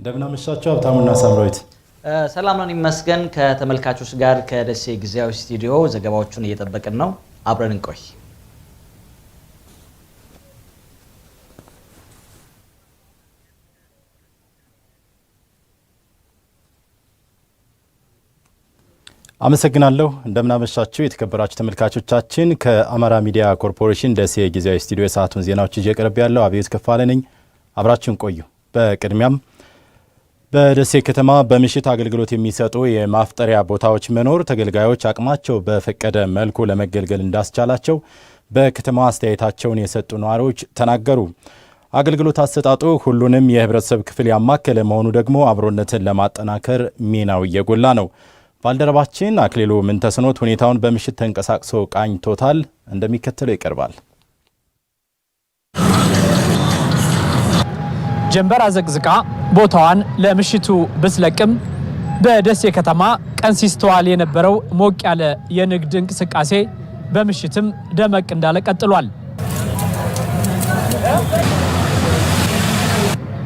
እንደምናመሻቸው ሀብታሙና ሳምራዊት ሰላም ነን ይመስገን። ከተመልካቾች ጋር ከደሴ ጊዜያዊ ስቱዲዮ ዘገባዎቹን እየጠበቅን ነው። አብረን እንቆይ። አመሰግናለሁ። እንደምናመሻችሁ የተከበራችሁ ተመልካቾቻችን፣ ከአማራ ሚዲያ ኮርፖሬሽን ደሴ ጊዜያዊ ስቱዲዮ የሰዓቱን ዜናዎች ይዤ ያለው አብዮት ከፋለ ነኝ። አብራችሁን ቆዩ። በቅድሚያም በደሴ ከተማ በምሽት አገልግሎት የሚሰጡ የማፍጠሪያ ቦታዎች መኖር ተገልጋዮች አቅማቸው በፈቀደ መልኩ ለመገልገል እንዳስቻላቸው በከተማ አስተያየታቸውን የሰጡ ነዋሪዎች ተናገሩ። አገልግሎት አሰጣጡ ሁሉንም የህብረተሰብ ክፍል ያማከለ መሆኑ ደግሞ አብሮነትን ለማጠናከር ሚናው እየጎላ ነው። ባልደረባችን አክሊሉ ምንተስኖት ሁኔታውን በምሽት ተንቀሳቅሶ ቃኝቶታል፣ እንደሚከተለው ይቀርባል። ጀንበር አዘቅዝቃ ቦታዋን ለምሽቱ ብትለቅም በደሴ ከተማ ቀን ሲስተዋል የነበረው ሞቅ ያለ የንግድ እንቅስቃሴ በምሽትም ደመቅ እንዳለ ቀጥሏል።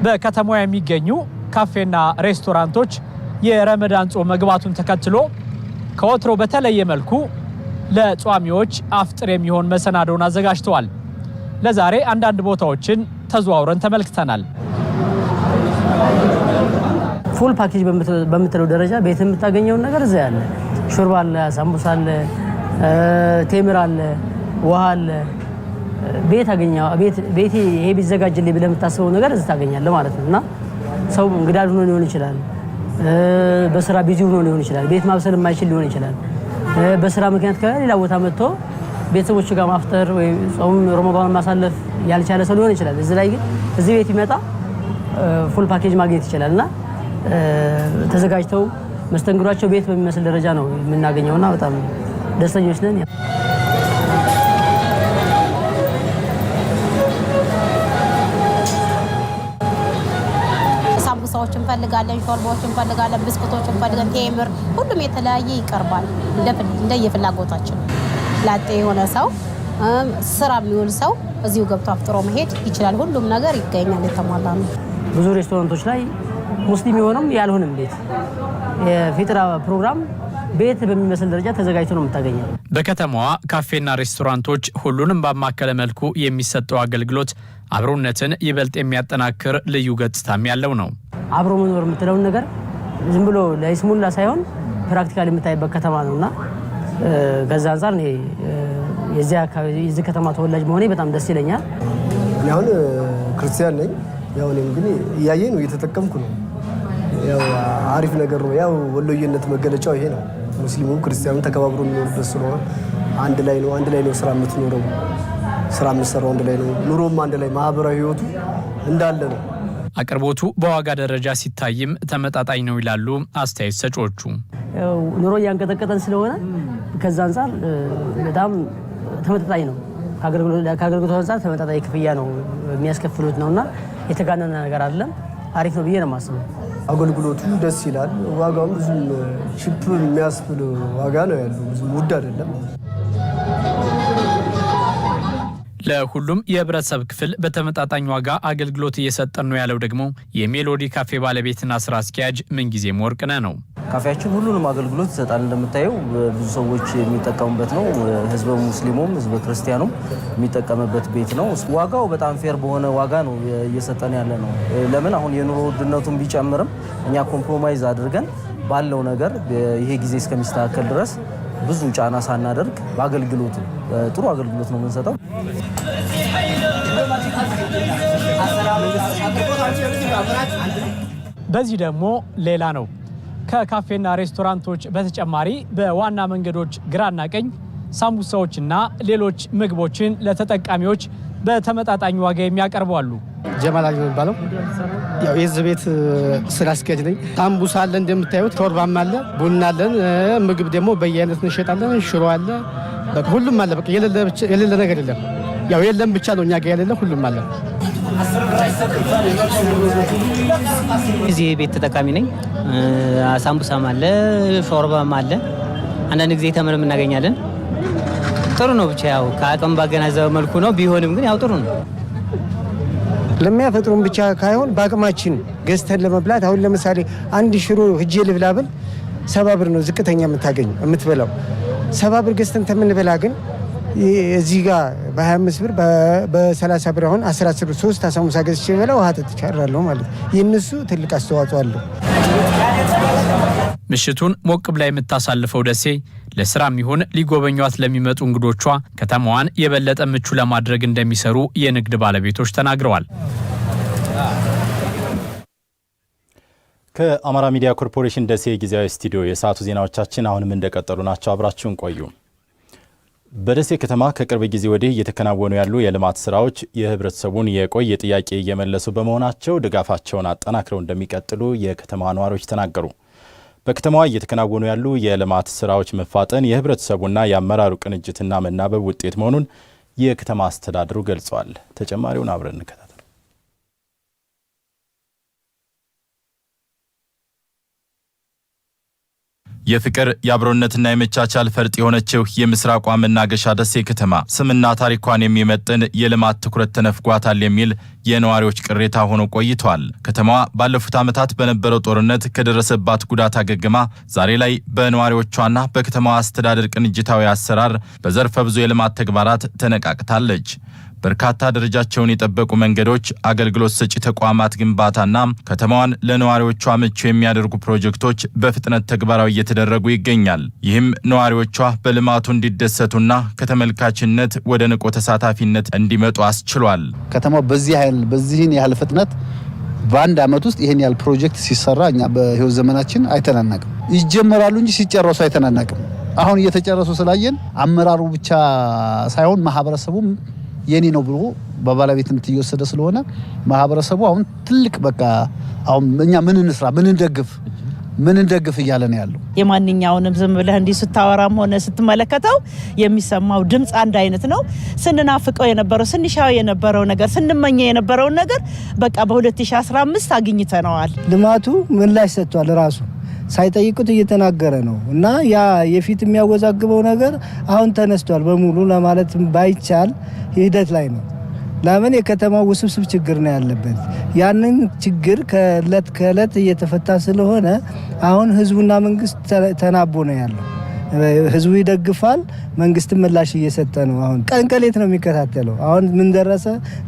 በከተማዋ የሚገኙ ካፌና ሬስቶራንቶች የረመዳን ጾም መግባቱን ተከትሎ ከወትሮ በተለየ መልኩ ለጿሚዎች አፍጥር የሚሆን መሰናዶውን አዘጋጅተዋል። ለዛሬ አንዳንድ ቦታዎችን ተዘዋውረን ተመልክተናል። ፉል ፓኬጅ በምትለው ደረጃ ቤት የምታገኘውን ነገር እዛ ያለ ሹርባ አለ፣ ሳምቡሳ አለ፣ ቴምር አለ፣ ውሃ አለ። ቤት አገኘ ቤቴ ይሄ ቢዘጋጅልኝ ብለህ የምታስበው ነገር እዚህ ታገኛለህ ማለት ነው። እና ሰው እንግዳ ሆኖ ሊሆን ይችላል፣ በስራ ቢዚ ሆኖ ሊሆን ይችላል፣ ቤት ማብሰል የማይችል ሊሆን ይችላል። በስራ ምክንያት ከሌላ ቦታ መጥቶ ቤተሰቦች ጋር ማፍጠር ወይም ጾም ሮሞባን ማሳለፍ ያልቻለ ሰው ሊሆን ይችላል። እዚህ ላይ ግን እዚህ ቤት ይመጣ ፉል ፓኬጅ ማግኘት ይችላል እና ተዘጋጅተው መስተንግዷቸው ቤት በሚመስል ደረጃ ነው የምናገኘውና በጣም ደስተኞች ነን። ሳምቡሳዎች እንፈልጋለን፣ ሾርባዎች እንፈልጋለን፣ ብስኩቶች እንፈልጋለን፣ ቴምር ሁሉም የተለያየ ይቀርባል እንደየፍላጎታችን። ላጤ የሆነ ሰው ስራ የሚውል ሰው እዚሁ ገብቶ አፍጥሮ መሄድ ይችላል። ሁሉም ነገር ይገኛል፣ የተሟላ ነው። ብዙ ሬስቶራንቶች ላይ ሙስሊም የሆነም ያልሆንም ቤት የፊጥራ ፕሮግራም ቤት በሚመስል ደረጃ ተዘጋጅቶ ነው የምታገኘው። በከተማዋ ካፌና ሬስቶራንቶች ሁሉንም ባማከለ መልኩ የሚሰጠው አገልግሎት አብሮነትን ይበልጥ የሚያጠናክር ልዩ ገጽታም ያለው ነው። አብሮ መኖር የምትለውን ነገር ዝም ብሎ ለይስሙላ ሳይሆን ፕራክቲካል የምታይበት ከተማ ነው እና ከዛ አንጻር የዚህ ከተማ ተወላጅ መሆኔ በጣም ደስ ይለኛል። አሁን ክርስቲያን ነኝ ያው እኔም ግን እያየ ነው እየተጠቀምኩ ነው። ያው አሪፍ ነገር ነው። ያው ወሎዬነት መገለጫው ይሄ ነው። ሙስሊሙ ክርስቲያኑ ተከባብሮ የሚኖርበት ስለሆነ አንድ ላይ ነው። አንድ ላይ ነው ስራ የምትኖረው፣ ስራ የምትሰራው አንድ ላይ ነው። ኑሮም አንድ ላይ፣ ማህበራዊ ህይወቱ እንዳለ ነው። አቅርቦቱ በዋጋ ደረጃ ሲታይም ተመጣጣኝ ነው ይላሉ አስተያየት ሰጪዎቹ። ኑሮ እያንቀጠቀጠን ስለሆነ ከዛ አንጻር በጣም ተመጣጣኝ ነው። ከአገልግሎት አንጻር ተመጣጣኝ ክፍያ ነው የሚያስከፍሉት ነውና የተጋነነ ነገር አይደለም። አሪፍ ነው ብዬ ነው የማስበው። አገልግሎቱ ደስ ይላል። ዋጋውም ብዙም ሽፕ የሚያስብል ዋጋ ነው ያለው። ብዙም ውድ አይደለም። ለሁሉም የህብረተሰብ ክፍል በተመጣጣኝ ዋጋ አገልግሎት እየሰጠን ነው ያለው ደግሞ የሜሎዲ ካፌ ባለቤትና ስራ አስኪያጅ ምንጊዜም ወርቅነ ነው። ካፌያችን ሁሉንም አገልግሎት ይሰጣል። እንደምታየው ብዙ ሰዎች የሚጠቀሙበት ነው። ህዝበ ሙስሊሙም ህዝበ ክርስቲያኑም የሚጠቀምበት ቤት ነው። ዋጋው በጣም ፌር በሆነ ዋጋ ነው እየሰጠን ያለ ነው። ለምን አሁን የኑሮ ውድነቱን ቢጨምርም እኛ ኮምፕሮማይዝ አድርገን ባለው ነገር ይሄ ጊዜ እስከሚስተካከል ድረስ ብዙ ጫና ሳናደርግ በአገልግሎቱ ጥሩ አገልግሎት ነው የምንሰጠው። በዚህ ደግሞ ሌላ ነው። ከካፌና ሬስቶራንቶች በተጨማሪ በዋና መንገዶች ግራና ቀኝ ሳምቡሳዎችና ሌሎች ምግቦችን ለተጠቃሚዎች በተመጣጣኝ ዋጋ የሚያቀርቡ አሉ። ጀማላ የሚባለው ያው የዚህ ቤት ስራ አስኪያጅ ነኝ። ታምቡሳ አለ እንደምታዩት፣ ቶርባም አለ፣ ቡና አለን። ምግብ ደግሞ በየአይነት እንሸጣለን። ሽሮ አለ፣ በቃ ሁሉም አለ። በቃ የሌለ ነገር የለም። ያው የለም ብቻ ነው እኛ ጋር የሌለ ሁሉም አለ። እዚህ ቤት ተጠቃሚ ነኝ። ሳምቡሳም አለ፣ ሾርባም አለ። አንዳንድ ጊዜ ተምርም እናገኛለን። ጥሩ ነው ብቻ ያው ከአቅም ባገናዘበ መልኩ ነው። ቢሆንም ግን ያው ጥሩ ነው። ለሚያፈጥሩን ብቻ ካይሆን በአቅማችን ገዝተን ለመብላት አሁን ለምሳሌ አንድ ሽሮ ህጄ ልብላ ብል ሰባ ብር ነው ዝቅተኛ የምታገኝ የምትበላው። ሰባ ብር ገዝተን ተምንበላ ግን እዚህ ጋር በ25 ብር በ30 ብር አሁን 3 አሳሙሳ ገዝቼ በላ ውሃ ተጥቻራለሁ ማለት የእነሱ ትልቅ አስተዋጽኦ አለው። ምሽቱን ሞቅ ብላ የምታሳልፈው ደሴ ለስራም ይሁን ሊጎበኟት ለሚመጡ እንግዶቿ ከተማዋን የበለጠ ምቹ ለማድረግ እንደሚሰሩ የንግድ ባለቤቶች ተናግረዋል። ከአማራ ሚዲያ ኮርፖሬሽን ደሴ ጊዜያዊ ስቱዲዮ የሰዓቱ ዜናዎቻችን አሁንም እንደቀጠሉ ናቸው። አብራችሁን ቆዩ። በደሴ ከተማ ከቅርብ ጊዜ ወዲህ እየተከናወኑ ያሉ የልማት ስራዎች የህብረተሰቡን የቆየ ጥያቄ እየመለሱ በመሆናቸው ድጋፋቸውን አጠናክረው እንደሚቀጥሉ የከተማ ነዋሪዎች ተናገሩ። በከተማዋ እየተከናወኑ ያሉ የልማት ስራዎች መፋጠን የህብረተሰቡና የአመራሩ ቅንጅትና መናበብ ውጤት መሆኑን የከተማ አስተዳደሩ ገልጿል። ተጨማሪውን አብረን እንከታተል። የፍቅር የአብሮነትና የመቻቻል ፈርጥ የሆነችው የምስራቋ መናገሻ ደሴ ከተማ ስምና ታሪኳን የሚመጥን የልማት ትኩረት ተነፍጓታል የሚል የነዋሪዎች ቅሬታ ሆኖ ቆይቷል። ከተማዋ ባለፉት ዓመታት በነበረው ጦርነት ከደረሰባት ጉዳት አገግማ ዛሬ ላይ በነዋሪዎቿና በከተማዋ አስተዳደር ቅንጅታዊ አሰራር በዘርፈ ብዙ የልማት ተግባራት ተነቃቅታለች። በርካታ ደረጃቸውን የጠበቁ መንገዶች፣ አገልግሎት ሰጪ ተቋማት ግንባታና ከተማዋን ለነዋሪዎቿ ምቹ የሚያደርጉ ፕሮጀክቶች በፍጥነት ተግባራዊ እየተደረጉ ይገኛል። ይህም ነዋሪዎቿ በልማቱ እንዲደሰቱና ከተመልካችነት ወደ ንቆ ተሳታፊነት እንዲመጡ አስችሏል። ከተማው በዚህ ያህል በዚህን ያህል ፍጥነት በአንድ አመት ውስጥ ይህን ያህል ፕሮጀክት ሲሰራ እኛ በህይወት ዘመናችን አይተናናቅም። ይጀመራሉ እንጂ ሲጨረሱ አይተናናቅም። አሁን እየተጨረሱ ስላየን አመራሩ ብቻ ሳይሆን ማህበረሰቡም የኔ ነው ብሎ በባለቤትነት እየወሰደ ስለሆነ ማህበረሰቡ አሁን ትልቅ በቃ አሁን እኛ ምን እንስራ፣ ምን እንደግፍ፣ ምን እንደግፍ እያለ ነው ያለው። የማንኛውንም ዝም ብለህ እንዲህ ስታወራም ሆነ ስትመለከተው የሚሰማው ድምፅ አንድ አይነት ነው። ስንናፍቀው የነበረው ስንሻው የነበረው ነገር ስንመኘ የነበረውን ነገር በቃ በ2015 አግኝተነዋል። ልማቱ ምላሽ ሰጥቷል ራሱ ሳይጠይቁት እየተናገረ ነው እና ያ የፊት የሚያወዛግበው ነገር አሁን ተነስቷል በሙሉ ለማለት ባይቻል ሂደት ላይ ነው። ለምን የከተማው ውስብስብ ችግር ነው ያለበት። ያንን ችግር ከእለት ከእለት እየተፈታ ስለሆነ አሁን ህዝቡና መንግስት ተናቦ ነው ያለው። ህዝቡ ይደግፋል፣ መንግስትም ምላሽ እየሰጠ ነው። አሁን ቀንቀሌት ነው የሚከታተለው። አሁን ምን ደረሰ፣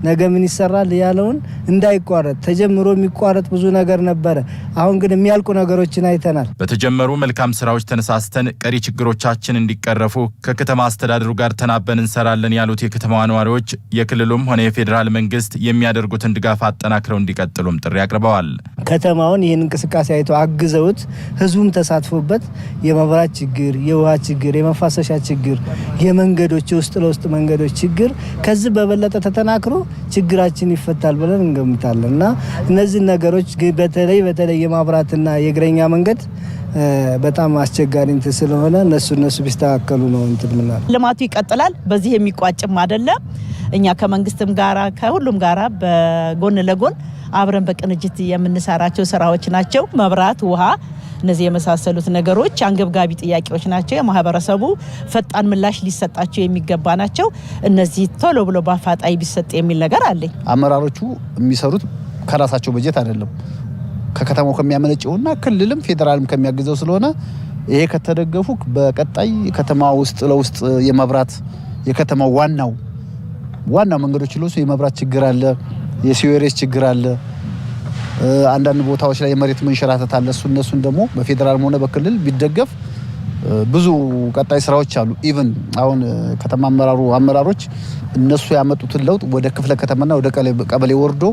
ነገ ምን ይሰራል ያለውን እንዳይቋረጥ ተጀምሮ የሚቋረጥ ብዙ ነገር ነበረ። አሁን ግን የሚያልቁ ነገሮችን አይተናል። በተጀመሩ መልካም ስራዎች ተነሳስተን ቀሪ ችግሮቻችን እንዲቀረፉ ከከተማ አስተዳደሩ ጋር ተናበን እንሰራለን ያሉት የከተማዋ ነዋሪዎች የክልሉም ሆነ የፌዴራል መንግስት የሚያደርጉትን ድጋፍ አጠናክረው እንዲቀጥሉም ጥሪ አቅርበዋል። ከተማውን ይህን እንቅስቃሴ አይተው አግዘውት ህዝቡም ተሳትፎበት የመብራት ችግር የውሃ ችግር፣ የመፋሰሻ ችግር፣ የመንገዶች የውስጥ ለውስጥ መንገዶች ችግር ከዚህ በበለጠ ተጠናክሮ ችግራችን ይፈታል ብለን እንገምታለን እና እነዚህ ነገሮች በተለይ በተለይ የማብራትና የእግረኛ መንገድ በጣም አስቸጋሪ እንትን ስለሆነ እነሱ እነሱ ቢስተካከሉ ነው እንትን ምናል ልማቱ ይቀጥላል። በዚህ የሚቋጭም አይደለም። እኛ ከመንግስትም ጋራ ከሁሉም ጋራ በጎን ለጎን አብረን በቅንጅት የምንሰራቸው ስራዎች ናቸው። መብራት፣ ውሃ እነዚህ የመሳሰሉት ነገሮች አንገብጋቢ ጥያቄዎች ናቸው። የማህበረሰቡ ፈጣን ምላሽ ሊሰጣቸው የሚገባ ናቸው። እነዚህ ቶሎ ብሎ በአፋጣኝ ቢሰጥ የሚል ነገር አለኝ። አመራሮቹ የሚሰሩት ከራሳቸው በጀት አይደለም ከከተማው ከሚያመነጭውና ክልልም ፌዴራልም ከሚያግዘው ስለሆነ ይሄ ከተደገፉ በቀጣይ ከተማ ውስጥ ለውስጥ የመብራት የከተማው ዋናው ዋናው መንገዶች ለሱ የመብራት ችግር አለ፣ የሲዌሬስ ችግር አለ። አንዳንድ ቦታዎች ላይ የመሬት መንሸራተት አለ። እሱ እነሱን ደግሞ በፌዴራልም ሆነ በክልል ቢደገፍ ብዙ ቀጣይ ስራዎች አሉ። ኢቨን አሁን ከተማ አመራሩ አመራሮች እነሱ ያመጡትን ለውጥ ወደ ክፍለ ከተማና ወደ ቀበሌ ወርዶ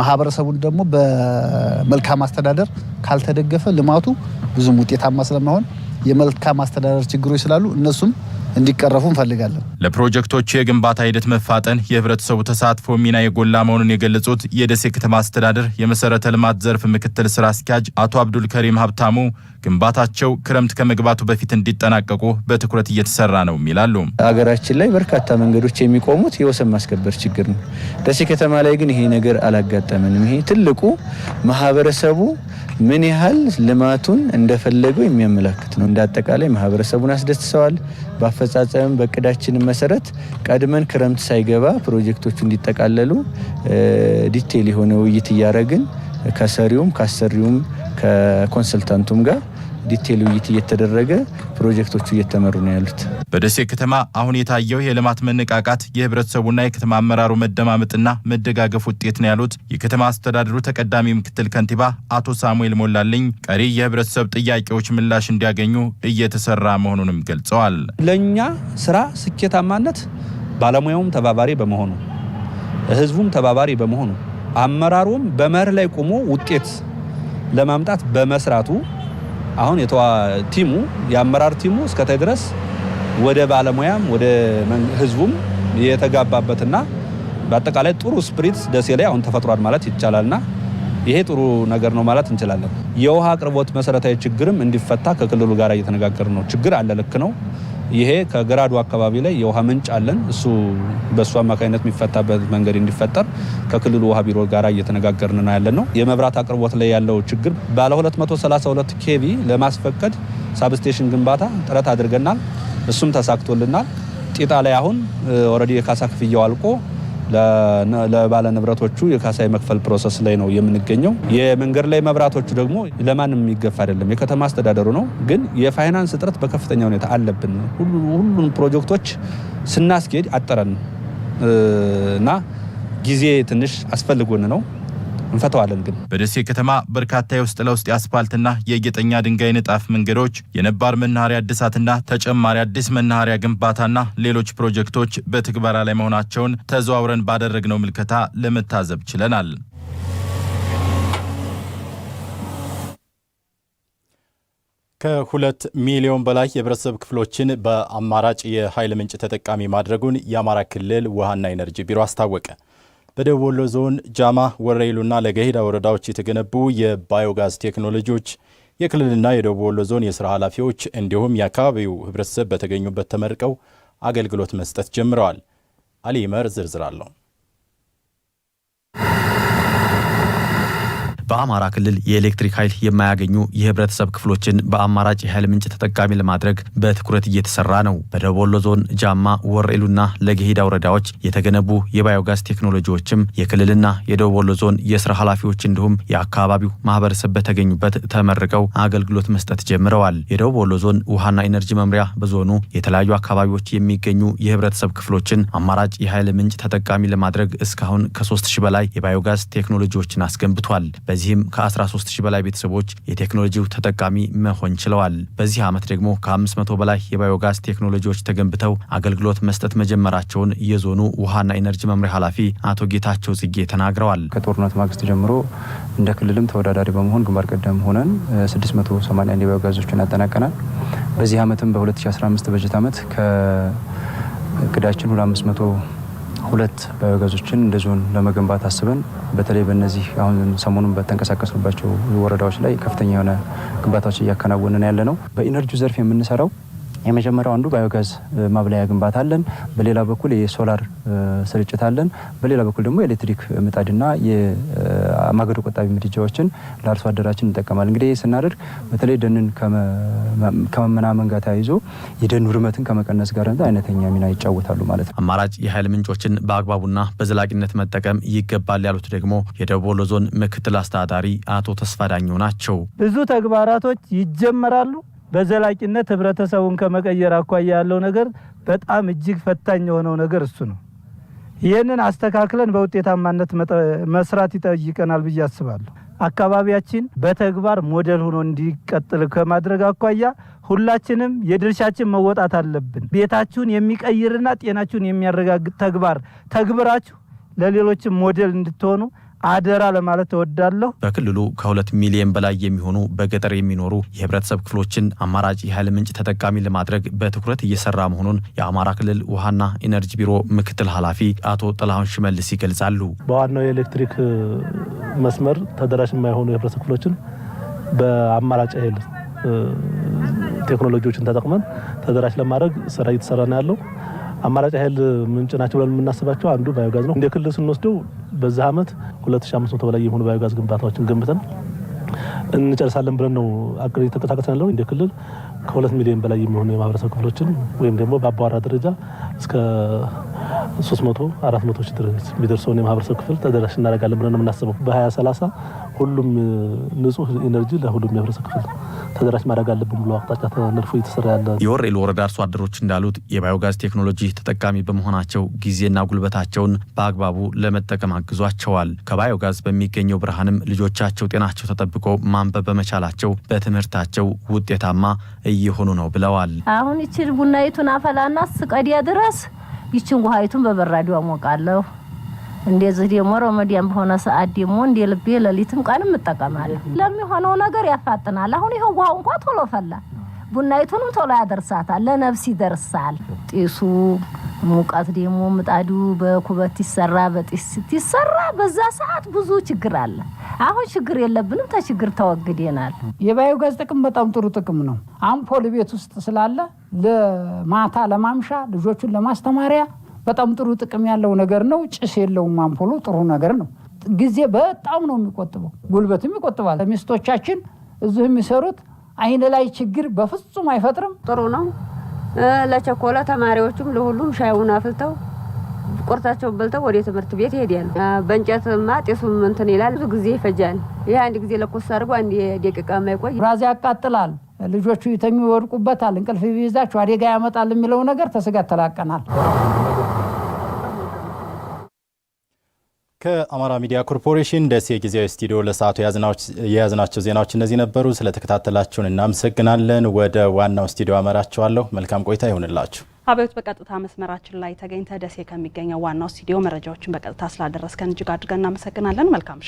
ማህበረሰቡን ደግሞ በመልካም አስተዳደር ካልተደገፈ ልማቱ ብዙም ውጤታማ ስለማይሆን የመልካም አስተዳደር ችግሮች ስላሉ እነሱም እንዲቀረፉ እንፈልጋለን። ለፕሮጀክቶቹ የግንባታ ሂደት መፋጠን የህብረተሰቡ ተሳትፎ ሚና የጎላ መሆኑን የገለጹት የደሴ ከተማ አስተዳደር የመሰረተ ልማት ዘርፍ ምክትል ስራ አስኪያጅ አቶ አብዱል ከሪም ሀብታሙ ግንባታቸው ክረምት ከመግባቱ በፊት እንዲጠናቀቁ በትኩረት እየተሰራ ነው ይላሉ። አገራችን ላይ በርካታ መንገዶች የሚቆሙት የወሰን ማስከበር ችግር ነው። ደሴ ከተማ ላይ ግን ይሄ ነገር አላጋጠመንም። ይሄ ትልቁ ማህበረሰቡ ምን ያህል ልማቱን እንደፈለገው የሚያመላክት ነው። እንዳጠቃላይ ማህበረሰቡን አስደስተዋል። በአፈጻጸም በእቅዳችን መሰረት ቀድመን ክረምት ሳይገባ ፕሮጀክቶቹ እንዲጠቃለሉ ዲቴል የሆነ ውይይት እያደረግን ከሰሪውም ከአሰሪውም ከኮንሰልታንቱም ጋር ዲቴል ውይይት እየተደረገ ፕሮጀክቶቹ እየተመሩ ነው ያሉት። በደሴ ከተማ አሁን የታየው የልማት መነቃቃት የህብረተሰቡና የከተማ አመራሩ መደማመጥና መደጋገፍ ውጤት ነው ያሉት የከተማ አስተዳደሩ ተቀዳሚ ምክትል ከንቲባ አቶ ሳሙኤል ሞላልኝ ቀሪ የህብረተሰብ ጥያቄዎች ምላሽ እንዲያገኙ እየተሰራ መሆኑንም ገልጸዋል። ለእኛ ስራ ስኬታማነት ባለሙያውም ተባባሪ በመሆኑ ህዝቡም ተባባሪ በመሆኑ አመራሩም በመርህ ላይ ቆሞ ውጤት ለማምጣት በመስራቱ አሁን የተዋ ቲሙ የአመራር ቲሙ እስከታይ ድረስ ወደ ባለሙያም ወደ ህዝቡም የተጋባበትና በአጠቃላይ ጥሩ ስፕሪት ደሴ ላይ አሁን ተፈጥሯል ማለት ይቻላልና ይሄ ጥሩ ነገር ነው ማለት እንችላለን። የውሃ አቅርቦት መሰረታዊ ችግርም እንዲፈታ ከክልሉ ጋር እየተነጋገር ነው። ችግር አለ፣ ልክ ነው። ይሄ ከግራዱ አካባቢ ላይ የውሃ ምንጭ አለን። እሱ በእሱ አማካኝነት የሚፈታበት መንገድ እንዲፈጠር ከክልሉ ውሃ ቢሮ ጋር እየተነጋገርን ነው ያለን ነው። የመብራት አቅርቦት ላይ ያለው ችግር ባለ 232 ኬቪ ለማስፈቀድ ሳብስቴሽን ግንባታ ጥረት አድርገናል። እሱም ተሳክቶልናል። ጢጣ ላይ አሁን ኦልሬዲ የካሳ ክፍያው አልቆ ለባለ ንብረቶቹ የካሳ የመክፈል ፕሮሰስ ላይ ነው የምንገኘው። የመንገድ ላይ መብራቶቹ ደግሞ ለማንም የሚገፋ አይደለም፣ የከተማ አስተዳደሩ ነው። ግን የፋይናንስ እጥረት በከፍተኛ ሁኔታ አለብን። ሁሉን ፕሮጀክቶች ስናስኬድ አጠረን እና ጊዜ ትንሽ አስፈልጎን ነው። እንፈተዋለን። ግን በደሴ ከተማ በርካታ የውስጥ ለውስጥ የአስፋልትና የጌጠኛ ድንጋይ ንጣፍ መንገዶች፣ የነባር መናኸሪያ እድሳትና ተጨማሪ አዲስ መናኸሪያ ግንባታና ሌሎች ፕሮጀክቶች በትግበራ ላይ መሆናቸውን ተዘዋውረን ባደረግነው ምልከታ ለመታዘብ ችለናል። ከሁለት ሚሊዮን በላይ የህብረተሰብ ክፍሎችን በአማራጭ የኃይል ምንጭ ተጠቃሚ ማድረጉን የአማራ ክልል ውሃና ኢነርጂ ቢሮ አስታወቀ። በደቡብ ወሎ ዞን ጃማ ወረይሉና ለገሂዳ ወረዳዎች የተገነቡ የባዮጋዝ ቴክኖሎጂዎች የክልልና የደቡብ ወሎ ዞን የስራ ኃላፊዎች እንዲሁም የአካባቢው ህብረተሰብ በተገኙበት ተመርቀው አገልግሎት መስጠት ጀምረዋል። አሊ መር ዝርዝር አለው። በአማራ ክልል የኤሌክትሪክ ኃይል የማያገኙ የህብረተሰብ ክፍሎችን በአማራጭ የኃይል ምንጭ ተጠቃሚ ለማድረግ በትኩረት እየተሰራ ነው። በደቡብ ወሎ ዞን ጃማ፣ ወረኢሉና ለገሄዳ ወረዳዎች የተገነቡ የባዮጋዝ ቴክኖሎጂዎችም የክልልና የደቡብ ወሎ ዞን የስራ ኃላፊዎች እንዲሁም የአካባቢው ማህበረሰብ በተገኙበት ተመርቀው አገልግሎት መስጠት ጀምረዋል። የደቡብ ወሎ ዞን ውሃና ኢነርጂ መምሪያ በዞኑ የተለያዩ አካባቢዎች የሚገኙ የህብረተሰብ ክፍሎችን አማራጭ የኃይል ምንጭ ተጠቃሚ ለማድረግ እስካሁን ከሶስት ሺህ በላይ የባዮጋዝ ቴክኖሎጂዎችን አስገንብቷል። በዚህም ከ13000 በላይ ቤተሰቦች የቴክኖሎጂው ተጠቃሚ መሆን ችለዋል። በዚህ ዓመት ደግሞ ከ500 በላይ የባዮጋዝ ቴክኖሎጂዎች ተገንብተው አገልግሎት መስጠት መጀመራቸውን የዞኑ ውሃና ኢነርጂ መምሪያ ኃላፊ አቶ ጌታቸው ጽጌ ተናግረዋል። ከጦርነት ማግስት ጀምሮ እንደ ክልልም ተወዳዳሪ በመሆን ግንባር ቀደም ሆነን 681 የባዮጋዞችን ያጠናቀናል። በዚህ ዓመትም በ2015 በጀት ዓመት ከእቅዳችን ወደ 500 ሁለት ባዮጋዞችን እንደ ዞን ለመገንባት አስበን በተለይ በነዚህ አሁን ሰሞኑን በተንቀሳቀስንባቸው ወረዳዎች ላይ ከፍተኛ የሆነ ግንባታዎች እያከናወንን ያለ ነው። በኢነርጂው ዘርፍ የምንሰራው የመጀመሪያው አንዱ ባዮጋዝ ማብለያ ግንባታ አለን። በሌላ በኩል የሶላር ስርጭት አለን። በሌላ በኩል ደግሞ የኤሌክትሪክ ምጣድና ማገዶ ቆጣቢ ምድጃዎችን ለአርሶ አደራችን እንጠቀማል። እንግዲህ ይህ ስናደርግ በተለይ ደንን ከመመናመን ጋር ተያይዞ የደን ውርመትን ከመቀነስ ጋር አይነተኛ ሚና ይጫወታሉ ማለት ነው። አማራጭ የኃይል ምንጮችን በአግባቡና በዘላቂነት መጠቀም ይገባል ያሉት ደግሞ የደቡብ ወሎ ዞን ምክትል አስተዳዳሪ አቶ ተስፋ ዳኘው ናቸው። ብዙ ተግባራቶች ይጀመራሉ። በዘላቂነት ህብረተሰቡን ከመቀየር አኳያ ያለው ነገር በጣም እጅግ ፈታኝ የሆነው ነገር እሱ ነው። ይህንን አስተካክለን በውጤታማነት መስራት ይጠይቀናል ብዬ አስባለሁ። አካባቢያችን በተግባር ሞዴል ሆኖ እንዲቀጥል ከማድረግ አኳያ ሁላችንም የድርሻችን መወጣት አለብን። ቤታችሁን የሚቀይርና ጤናችሁን የሚያረጋግጥ ተግባር ተግብራችሁ ለሌሎችም ሞዴል እንድትሆኑ አደራ ለማለት እወዳለሁ። በክልሉ ከሁለት ሚሊዮን በላይ የሚሆኑ በገጠር የሚኖሩ የህብረተሰብ ክፍሎችን አማራጭ የኃይል ምንጭ ተጠቃሚ ለማድረግ በትኩረት እየሰራ መሆኑን የአማራ ክልል ውሃና ኢነርጂ ቢሮ ምክትል ኃላፊ አቶ ጥላሁን ሽመልስ ይገልጻሉ። በዋናው የኤሌክትሪክ መስመር ተደራሽ የማይሆኑ የህብረተሰብ ክፍሎችን በአማራጭ ኃይል ቴክኖሎጂዎችን ተጠቅመን ተደራሽ ለማድረግ ስራ እየተሰራ ነው ያለው አማራጭ ኃይል ምንጭ ናቸው ብለን የምናስባቸው አንዱ ባዮጋዝ ነው። እንደ ክልል ስንወስደው በዚህ ዓመት 2500 በላይ የሆኑ ባዮጋዝ ግንባታዎችን ገንብተን እንጨርሳለን ብለን ነው አቅር የተንቀሳቀስ ያለው እንደ ክልል ከሁለት ሚሊዮን በላይ የሚሆኑ የማህበረሰብ ክፍሎችን ወይም ደግሞ በአቧራ ደረጃ እስከ ሶስት መቶ አራት መቶ የሚደርሰውን የማህበረሰብ ክፍል ተደራሽ እናደርጋለን ብለን የምናስበው። በሀያ ሰላሳ ሁሉም ንጹህ ኤነርጂ ለሁሉም የማህበረሰብ ክፍል ተደራሽ ማድረግ አለብን ብሎ አቅጣጫ ተነድፎ እየተሰራ ያለ የወረኢሉ ወረዳ አርሶ አደሮች እንዳሉት የባዮጋዝ ቴክኖሎጂ ተጠቃሚ በመሆናቸው ጊዜና ጉልበታቸውን በአግባቡ ለመጠቀም አግዟቸዋል። ከባዮጋዝ በሚገኘው ብርሃንም ልጆቻቸው ጤናቸው ተጠብቆ ማንበብ በመቻላቸው በትምህርታቸው ውጤታማ እየሆኑ ነው ብለዋል። አሁን ይችል ቡናይቱን አፈላና ስቀዲያ ድረስ ይችን ውሃይቱን በበራዶ አሞቃለሁ። እንደዚህ ደግሞ ረመዳን በሆነ ሰዓት ደግሞ እንደ ልቤ ሌሊትም ቀንም እጠቀማለሁ። ለሚሆነው ነገር ያፋጥናል። አሁን ይኸው ውሀው እንኳ ቶሎ ፈላ። ቡናይቱን ቶሎ ያደርሳታል። ለነፍስ ይደርሳል። ጢሱ ሙቀት ደግሞ ምጣዱ በኩበት ይሰራ በጢስ ይሰራ። በዛ ሰዓት ብዙ ችግር አለ። አሁን ችግር የለብንም፣ ተችግር ተወግደናል። ጋዝ ጥቅም በጣም ጥሩ ጥቅም ነው። አምፖል ቤት ውስጥ ስላለ ለማታ ለማምሻ ልጆቹን ለማስተማሪያ በጣም ጥሩ ጥቅም ያለው ነገር ነው። ጭስ የለውም አምፖሉ። ጥሩ ነገር ነው። ጊዜ በጣም ነው የሚቆጥበው፣ ጉልበትም ይቆጥባል። ሚስቶቻችን እዚሁ የሚሰሩት አይን ላይ ችግር በፍጹም አይፈጥርም። ጥሩ ነው። ለቸኮለ ተማሪዎቹም ለሁሉም ሻዩን አፍልተው ቁርታቸውን በልተው ወደ ትምህርት ቤት ይሄዳሉ። በእንጨት ጤሱም እንትን ይላል፣ ብዙ ጊዜ ይፈጃል። ይህ አንድ ጊዜ ለኮስ አድርጎ አንድ ደቂቃ ማይቆይ ራዚ ያቃጥላል። ልጆቹ ይተኙ ይወድቁበታል። እንቅልፍ ቢይዛቸው አደጋ ያመጣል የሚለው ነገር ተስጋት ተላቀናል። ከአማራ ሚዲያ ኮርፖሬሽን ደሴ ጊዜያዊ ስቱዲዮ ለሰዓቱ የያዝናቸው ዜናዎች እነዚህ ነበሩ። ስለተከታተላችሁን እናመሰግናለን። ወደ ዋናው ስቱዲዮ አመራችኋለሁ። መልካም ቆይታ ይሁንላችሁ። አብዮት በቀጥታ መስመራችን ላይ ተገኝተ ደሴ ከሚገኘው ዋናው ስቱዲዮ መረጃዎችን በቀጥታ ስላደረስከን እጅግ አድርገን እናመሰግናለን። መልካም